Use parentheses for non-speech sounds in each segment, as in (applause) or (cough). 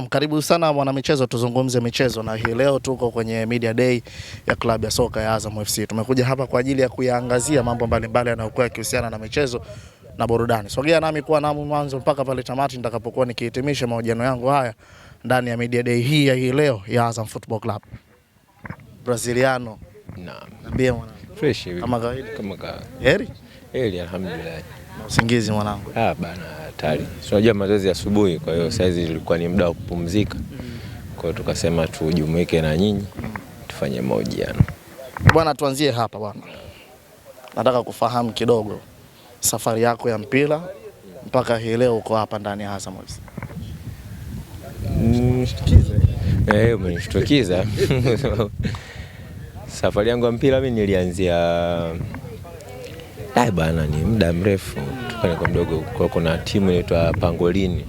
Naam, karibu sana mwanamichezo, tuzungumze michezo na hii leo tuko kwenye media day ya klabu ya soka ya Azam FC. Tumekuja hapa kwa ajili ya kuyaangazia mambo mbalimbali yanayokuwa yakihusiana na michezo na burudani. Sogea nami kuwa nami mwanzo mpaka pale tamati nitakapokuwa nikihitimisha mahojiano yangu haya ndani ya media day hii ya hii leo ya Azam Football Club. Braziliano. Naam. Kama kawaida. Kama kawaida. Heri. Heri, alhamdulillah usingizi mwanangu? Ah bana, hatari. Si unajua mazoezi asubuhi, kwa hiyo saizi ilikuwa ni muda wa kupumzika, kwa hiyo tukasema tujumuike na nyinyi tufanye mahojiano bwana. Tuanzie hapa bwana, nataka kufahamu kidogo safari yako ya mpira mpaka hii leo uko hapa ndani ya Azam FC. Eh, umenishtukiza. (laughs) Safari yangu ya mpira mimi nilianzia Da bana, ni muda mrefu tukana kwa mdogo, kwa kuna timu inaitwa Pangolini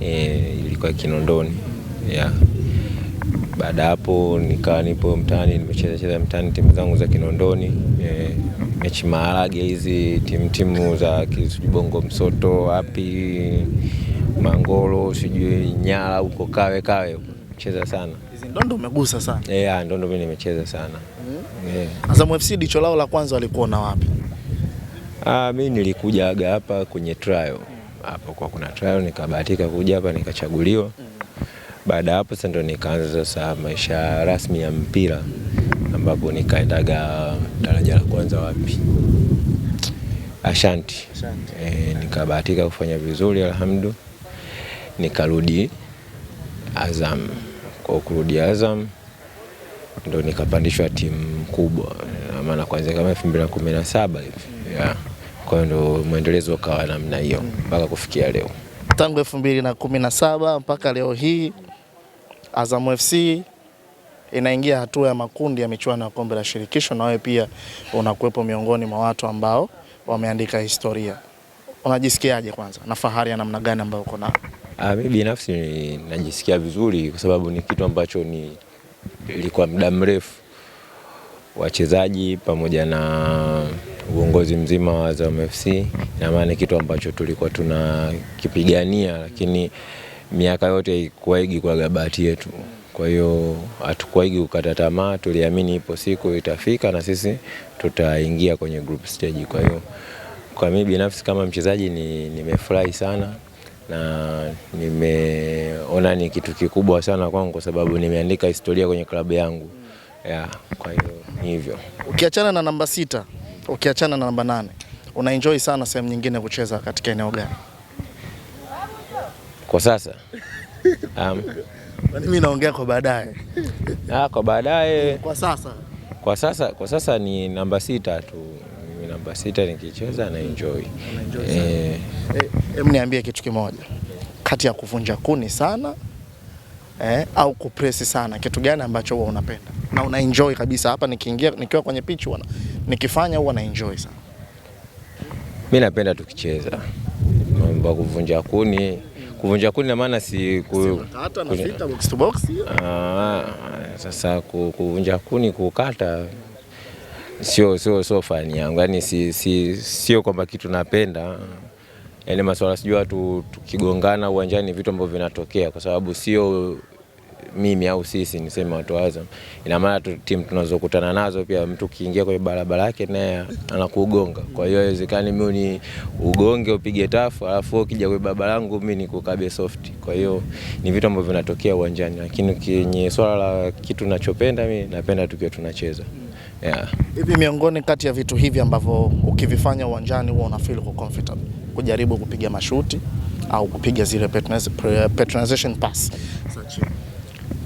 e, ilikuwa Kinondoni yeah. Baada hapo nikawa nipo mtaani, nimecheza cheza mtaani timu zangu za Kinondoni e, mechi maharage hizi timu timu za Bongo Msoto, wapi Mangolo, sijui Nyala huko kawe kawe cheza sana hizi ndondo umegusa sana. Yeah, ndondo mimi nimecheza sana. Mm-hmm. E. Azam FC dicho lao la kwanza walikuwa na wapi? Ah, mi nilikujaga hapa kwenye trial hapo, kwa kuna trial nikabahatika kuja hapa nikachaguliwa. Baada ya hapo sasa ndo nikaanza sasa maisha rasmi ya mpira, ambapo nikaendaga daraja la kwanza wapi Ashanti, Ashanti. E, nikabahatika kufanya vizuri alhamdu, nikarudi Azam. Kwa kurudi Azam ndo nikapandishwa timu kubwa, maana kuanzia kama elfu mbili na kumi na saba hivi mm. yeah. Kwa hiyo ndio mwendelezo ukawa namna hiyo mpaka kufikia leo, tangu elfu mbili na kumi na saba mpaka leo hii Azam FC inaingia hatua ya makundi ya michuano ya kombe la shirikisho, na wewe pia unakuwepo miongoni mwa watu ambao wameandika historia. Unajisikiaje kwanza na fahari ya namna gani ambayo uko nayo? Ah, mimi binafsi najisikia vizuri kwa sababu ni kitu ambacho ni ilikuwa muda mrefu wachezaji pamoja na uongozi mzima wa Azam FC, ina maana kitu ambacho tulikuwa tunakipigania, lakini miaka yote haikuwaigi kwa gabati yetu. Kwa hiyo hatukuwaigi kukata tamaa, tuliamini ipo siku itafika na sisi tutaingia kwenye group stage. Kwa hiyo kwa mimi binafsi kama mchezaji nimefurahi ni sana na nimeona ni kitu kikubwa sana kwangu kwa sababu nimeandika historia kwenye klabu yangu. Yeah, kwa hiyo ni hivyo. Ukiachana na namba sita ukiachana na namba nane una enjoy sana sehemu nyingine kucheza katika eneo gani kwa sasa? Um, (laughs) mimi naongea kwa baadaye. Ah, kwa baadaye. Kwa sasa, kwa sasa, kwa sasa ni namba sita tu mimi, namba sita nikicheza na enjoy. Eh. eh, hebu niambie kitu kimoja kati ya kuvunja kuni sana eh, au kupresi sana, kitu gani ambacho huwa unapenda? na una enjoy kabisa hapa. Nikiingia nikiwa kwenye pitch wana nikifanya huwa na enjoy sana. Mimi napenda tukicheza mambo kuvunja kuni kuvunja kuni na maana si ku, kata na fita box to box. Aa, ah, sasa kuvunja kuni kukata sio sio sio fani yangu, yani si, si, sio kwamba kitu napenda yani maswala sijua tu tukigongana uwanjani vitu ambavyo vinatokea kwa sababu sio mimi au sisi niseme watu wa Azam, ina maana timu tunazokutana nazo pia mtu kiingia kwenye barabara yake naye anakugonga. Kwa hiyo haiwezekani mimi ni ugonge upige tafu alafu ukija kwenye barabara yangu mimi nikukabe soft. Kwa hiyo ni vitu ambavyo vinatokea uwanjani, lakini kwenye swala la kitu ninachopenda mimi napenda tukiwa tunacheza yeah. Hivi miongoni kati ya vitu hivi ambavyo ukivifanya uwanjani huwa una feel comfortable kujaribu kupiga mashuti au kupiga zile patronization pass. Sachi.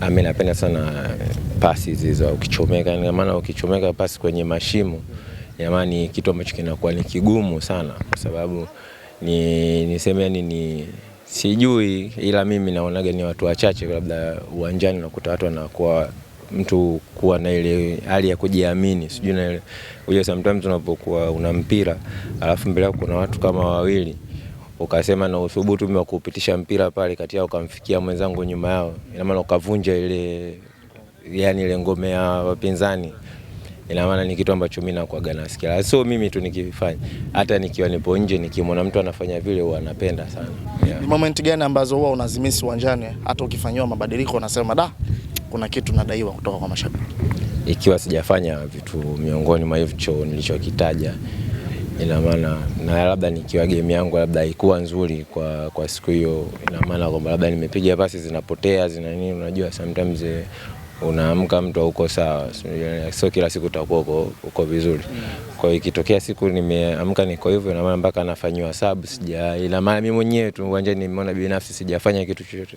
Mimi napenda sana pasi hizo ukichomeka, ina maana ukichomeka pasi kwenye mashimo, jamani, kitu ambacho kinakuwa ni kigumu sana, kwa sababu ni niseme yani ni sijui, ila mimi naonaga ni watu wachache labda uwanjani nakuta watu wanakuwa mtu kuwa na ile hali ya kujiamini, sijui na ile sometimes unapokuwa una mpira alafu mbele yako kuna watu kama wawili ukasema na uthubutu wa kupitisha mpira pale kati yao ukamfikia mwenzangu nyuma yao, ina maana ukavunja ile yani ile ngome ya wapinzani, ina maana ni kitu ambacho mimi nakuaga nasikia, So mimi tu nikifanya, hata nikiwa nipo nje nikimwona mtu anafanya vile huwa anapenda sana yeah. Ni moment gani ambazo huwa unazimisi uwanjani, hata ukifanyiwa mabadiliko unasema da, kuna kitu nadaiwa kutoka kwa mashabiki? Ikiwa sijafanya vitu miongoni mwa hivyo nilichokitaja ina maana na labda nikiwa game yangu labda haikuwa nzuri kwa, kwa siku hiyo, ina maana kwamba labda nimepiga pasi zinapotea zina nini, unajua sometimes eh, unaamka mtu auko sawa, sio kila siku utakuwa uko, uko vizuri. Kwa hiyo ikitokea siku nimeamka niko hivyo, ina maana mpaka nafanywa sub sija, ina maana mimi mwenyewe tu uwanjani nimeona binafsi sijafanya kitu chochote,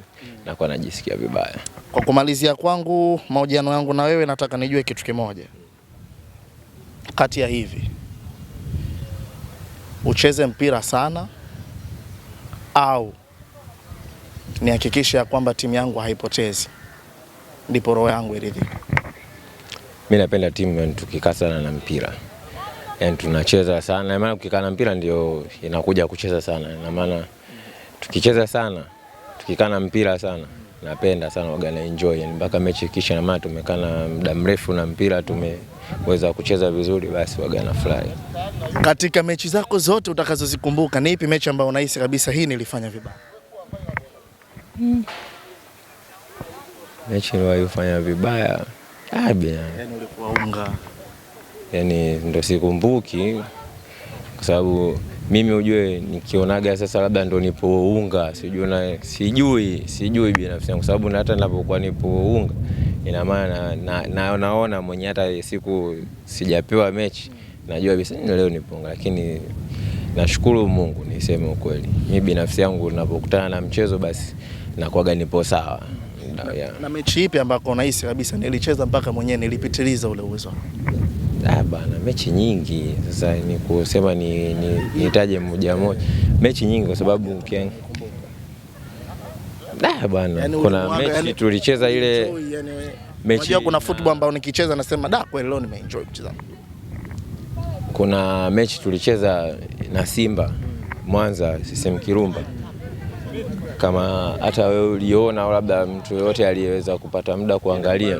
kwa najisikia vibaya. Kwa kumalizia kwangu mahojiano yangu na wewe, nataka nijue kitu kimoja kati ya hivi ucheze mpira sana au nihakikishe ya kwamba timu yangu haipotezi, ndipo roho yangu iridhike. Mimi napenda timu yani, tukikaa sana na mpira yani tunacheza sana, maana ukikaa na mpira ndio inakuja kucheza sana, na maana tukicheza sana, tukikaa na mpira sana napenda sana waga na enjoy mpaka mechi kisha, na maana tumekaa na muda mrefu na mpira tume kuweza kucheza vizuri, basi waga na furahi. Katika mechi zako zote utakazozikumbuka, ni ipi mechi ambayo unahisi kabisa hii nilifanya vibaya? Hmm. Mechi niliyofanya vibaya ah, yani, unga, yani, ndo sikumbuki kwa sababu mimi ujue nikionaga sasa labda ndo nipounga sijui, sijui, sijui binafsi yangu, kwa sababu na hata ninapokuwa nipounga ina maana na, na, naona mwenye hata siku sijapewa mechi najua bisa leo niponga, lakini nashukuru Mungu, niseme ukweli, mi binafsi yangu ninapokutana na mchezo basi nakwaga nipo sawa. Na, yeah. Na mechi ipi ambako unahisi kabisa nilicheza mpaka mwenyewe nilipitiliza ule uwezo? Ah, bana mechi nyingi, sasa ni kusema nitaje ni, ni moja moja, mechi nyingi kwa sababu Nah, bwana, yani kuna mechi yani, tulicheza ile yani, mechi unajua kuna football ambayo nikicheza nasema da kweli leo nimeenjoy kucheza. Kuna mechi tulicheza na Simba Mwanza sisem Kirumba, kama hata wewe uliona au labda mtu yoyote aliyeweza kupata muda kuangalia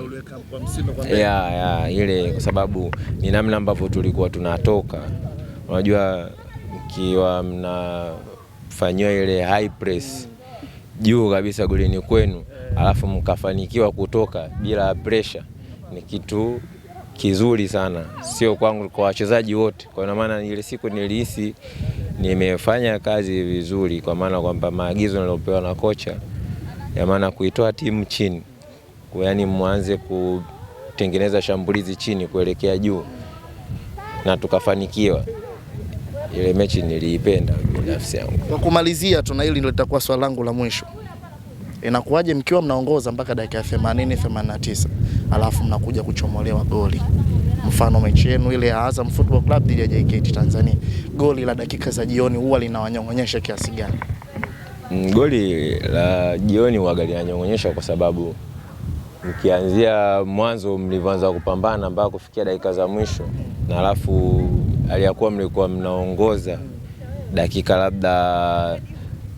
ya, ya, ile kwa sababu ni namna ambavyo tulikuwa tunatoka, unajua mkiwa mnafanyiwa ile high press mm juu kabisa golini kwenu, alafu mkafanikiwa kutoka bila pressure, ni kitu kizuri sana, sio kwangu, kwa wachezaji wote. Kwa maana ile siku nilihisi nimefanya kazi vizuri, kwa maana kwamba maagizo niliopewa na kocha ya maana kuitoa timu chini, yaani mwanze kutengeneza shambulizi chini kuelekea juu, na tukafanikiwa. Ile mechi niliipenda binafsi yangu. Kwa kumalizia tu, na hili ndio litakuwa swali langu la mwisho, Inakuwaje mkiwa mnaongoza mpaka dakika ya 80 89, alafu mnakuja kuchomolewa goli? Mfano mechi yenu ile ya Azam Football Club dhidi ya JKT Tanzania, goli la dakika za jioni huwa linawanyong'onyesha kiasi gani? Mm, goli la jioni huwa linanyong'onyesha kwa sababu mkianzia mwanzo mlivyoanza kupambana mpaka kufikia dakika za mwisho, na alafu aliyakuwa mlikuwa mnaongoza dakika labda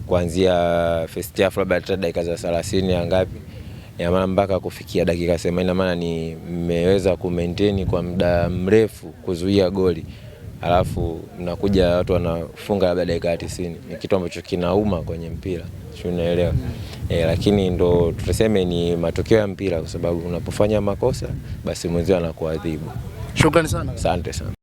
kuanzia first half labda hata dakika za ngapi ya ama mpaka kufikia dakika 70, ina maana ni mmeweza ku kwa muda mrefu kuzuia goli, alafu mnakuja watu wanafunga labda dakika ya tisini. Ni kitu ambacho kinauma kwenye mpira, sio unaelewa e, lakini ndo tuseme ni matokeo ya mpira, kwa sababu unapofanya makosa basi mwenzio anakuadhibu. Shukrani sana, asante sana.